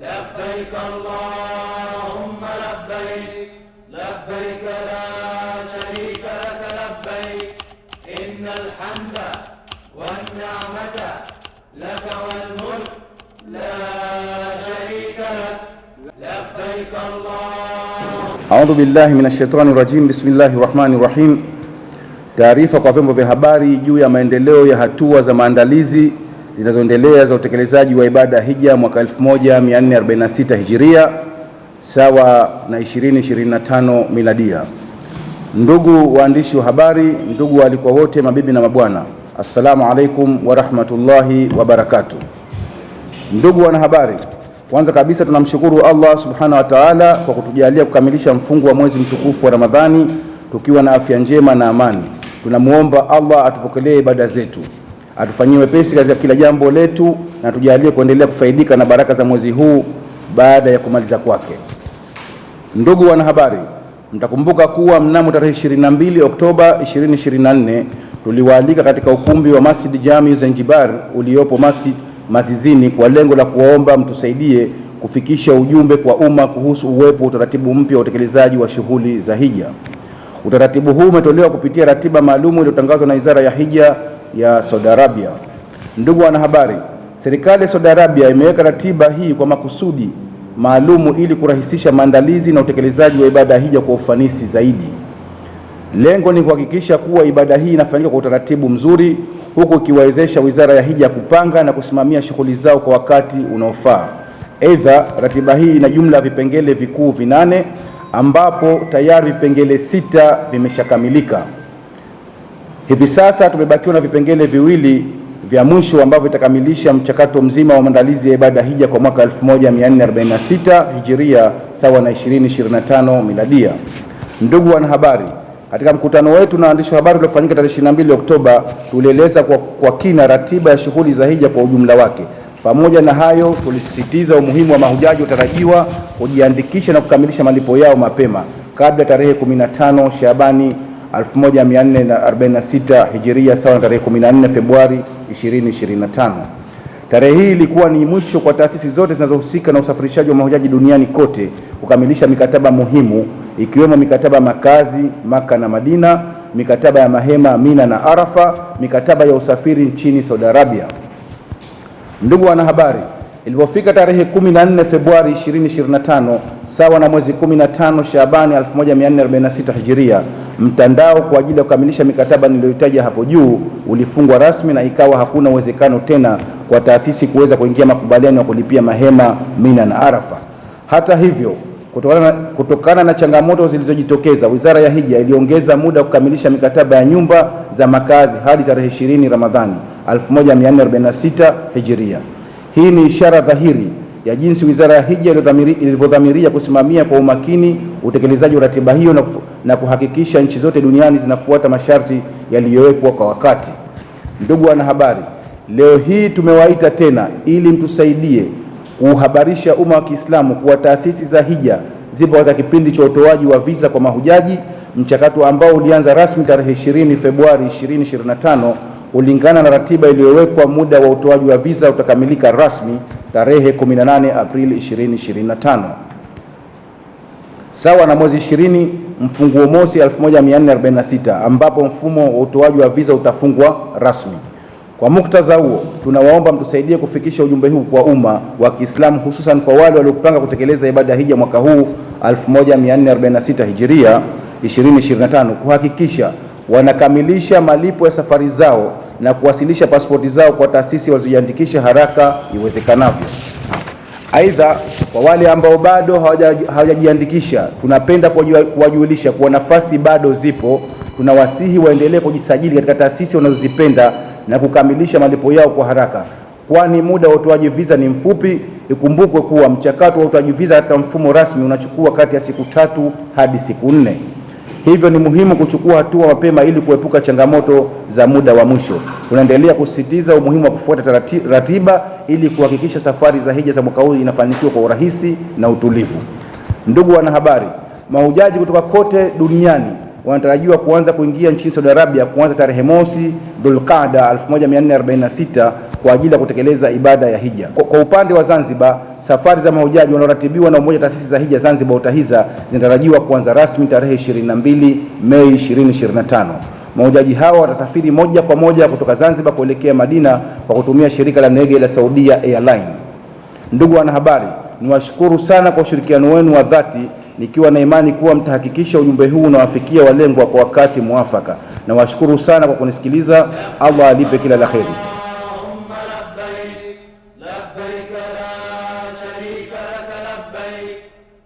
لبيك اللهم لبيك لبيك لا شريك لك لبيك إن الحمد والنعمة لك والملك لا شريك لك لبيك الله أعوذ بالله من الشيطان الرجيم بسم الله الرحمن الرحيم. Taarifa kwa vyombo vya habari juu ya maendeleo ya hatua za maandalizi zinazoendelea za utekelezaji wa ibada hija mwaka 1446 hijiria sawa na 2025 miladia. Ndugu waandishi wa habari, ndugu waalikwa wote, mabibi na mabwana, assalamu alaikum warahmatullahi wabarakatuh. Ndugu wanahabari, kwanza kabisa tunamshukuru Allah subhanahu wa ta'ala kwa kutujalia kukamilisha mfungo wa mwezi mtukufu wa Ramadhani tukiwa na afya njema na amani. Tunamwomba Allah atupokelee ibada zetu atufanyie wepesi katika kila jambo letu na tujalie kuendelea kufaidika na baraka za mwezi huu baada ya kumaliza kwake. Ndugu wanahabari, mtakumbuka kuwa mnamo tarehe 22 Oktoba 2024 tuliwaalika katika ukumbi wa Masjid Jami Zanzibar uliopo Masjid Mazizini kwa lengo la kuwaomba mtusaidie kufikisha ujumbe kwa umma kuhusu uwepo wa utaratibu mpya wa utekelezaji wa shughuli za hija. Utaratibu huu umetolewa kupitia ratiba maalumu iliyotangazwa na Wizara ya Hija ya Saudi Arabia. Ndugu wanahabari, serikali ya Saudi Arabia imeweka ratiba hii kwa makusudi maalumu ili kurahisisha maandalizi na utekelezaji wa ibada hija kwa ufanisi zaidi. Lengo ni kuhakikisha kuwa ibada hii inafanyika kwa utaratibu mzuri, huku ikiwawezesha wizara ya hija kupanga na kusimamia shughuli zao kwa wakati unaofaa. Aidha, ratiba hii ina jumla ya vipengele vikuu vinane ambapo tayari vipengele sita vimeshakamilika. Hivi sasa tumebakiwa na vipengele viwili vya mwisho ambavyo vitakamilisha mchakato mzima wa maandalizi ya ibada hija kwa mwaka 1446 Hijiria sawa na 2025 Miladia. Ndugu wanahabari, katika mkutano wetu na waandishi wa habari uliofanyika tarehe 22 Oktoba, tulieleza kwa, kwa kina ratiba ya shughuli za hija kwa ujumla wake. Pamoja na hayo, tulisisitiza umuhimu wa mahujaji watarajiwa kujiandikisha na kukamilisha malipo yao mapema kabla tarehe 15 Shabani 1446 Hijiria sawa na tarehe 14 Februari 2025. Tarehe hii ilikuwa ni mwisho kwa taasisi zote zinazohusika na usafirishaji wa mahujaji duniani kote kukamilisha mikataba muhimu ikiwemo mikataba ya makazi Maka na Madina, mikataba ya mahema Mina na Arafa, mikataba ya usafiri nchini Saudi Arabia. Ndugu wanahabari, ilipofika tarehe 14 Februari 2025 sawa na mwezi 15 Shabani 1446 Hijiria, mtandao kwa ajili ya kukamilisha mikataba niliyohitaja hapo juu ulifungwa rasmi na ikawa hakuna uwezekano tena kwa taasisi kuweza kuingia makubaliano ya kulipia mahema Mina na Arafa. Hata hivyo kutokana na, kutokana na changamoto zilizojitokeza, Wizara ya Hija iliongeza muda wa kukamilisha mikataba ya nyumba za makazi hadi tarehe 20 Ramadhani 1446 Hijiria. Hii ni ishara dhahiri ya jinsi Wizara ya Hija ilivyodhamiria kusimamia kwa umakini utekelezaji wa ratiba hiyo na, na kuhakikisha nchi zote duniani zinafuata masharti yaliyowekwa kwa wakati. Ndugu wanahabari, leo hii tumewaita tena ili mtusaidie kuuhabarisha umma wa Kiislamu kuwa taasisi za hija zipo katika kipindi cha utoaji wa visa kwa mahujaji, mchakato ambao ulianza rasmi tarehe 20 Februari 2025 kulingana na ratiba iliyowekwa. Muda wa utoaji wa visa utakamilika rasmi tarehe 18 Aprili 2025 sawa na mwezi 20 mfunguo mosi 1446 ambapo mfumo wa utoaji wa visa utafungwa rasmi. Kwa muktadha huo, tunawaomba mtusaidie kufikisha ujumbe huu kwa umma wa Kiislamu, hususan kwa wale waliopanga kutekeleza ibada hija mwaka huu 1446 hijiria 2025 kuhakikisha wanakamilisha malipo ya safari zao na kuwasilisha pasipoti zao kwa taasisi walizojiandikisha haraka iwezekanavyo. Aidha, kwa wale ambao bado hawajajiandikisha, tunapenda kuwajulisha kuwa nafasi bado zipo. Tunawasihi waendelee kujisajili katika taasisi wanazozipenda na kukamilisha malipo yao kwa haraka, kwani muda wa utoaji visa ni mfupi. Ikumbukwe kuwa mchakato wa utoaji visa katika mfumo rasmi unachukua kati ya siku tatu hadi siku nne. Hivyo ni muhimu kuchukua hatua mapema ili kuepuka changamoto za muda wa mwisho. Tunaendelea kusisitiza umuhimu wa kufuata ratiba ili kuhakikisha safari za hija za mwaka huu inafanikiwa kwa urahisi na utulivu. Ndugu wanahabari, mahujaji kutoka kote duniani wanatarajiwa kuanza kuingia nchini Saudi Arabia kuanza tarehe mosi Dhulqaada 1446 kwa ajili ya kutekeleza ibada ya hija. Kwa, kwa upande wa Zanzibar, safari za mahujaji wanaoratibiwa na Umoja Taasisi za Hija Zanzibar UTAHIZA zinatarajiwa kuanza rasmi tarehe 22 Mei 2025. Mahujaji hawa watasafiri moja kwa moja kutoka Zanzibar kuelekea Madina kwa kutumia shirika la ndege la Saudia Airline. Ndugu wanahabari, niwashukuru sana kwa ushirikiano wenu wa dhati nikiwa na imani kuwa mtahakikisha ujumbe huu unawafikia walengwa kwa wakati mwafaka. Nawashukuru sana kwa kunisikiliza. Allah alipe kila la heri.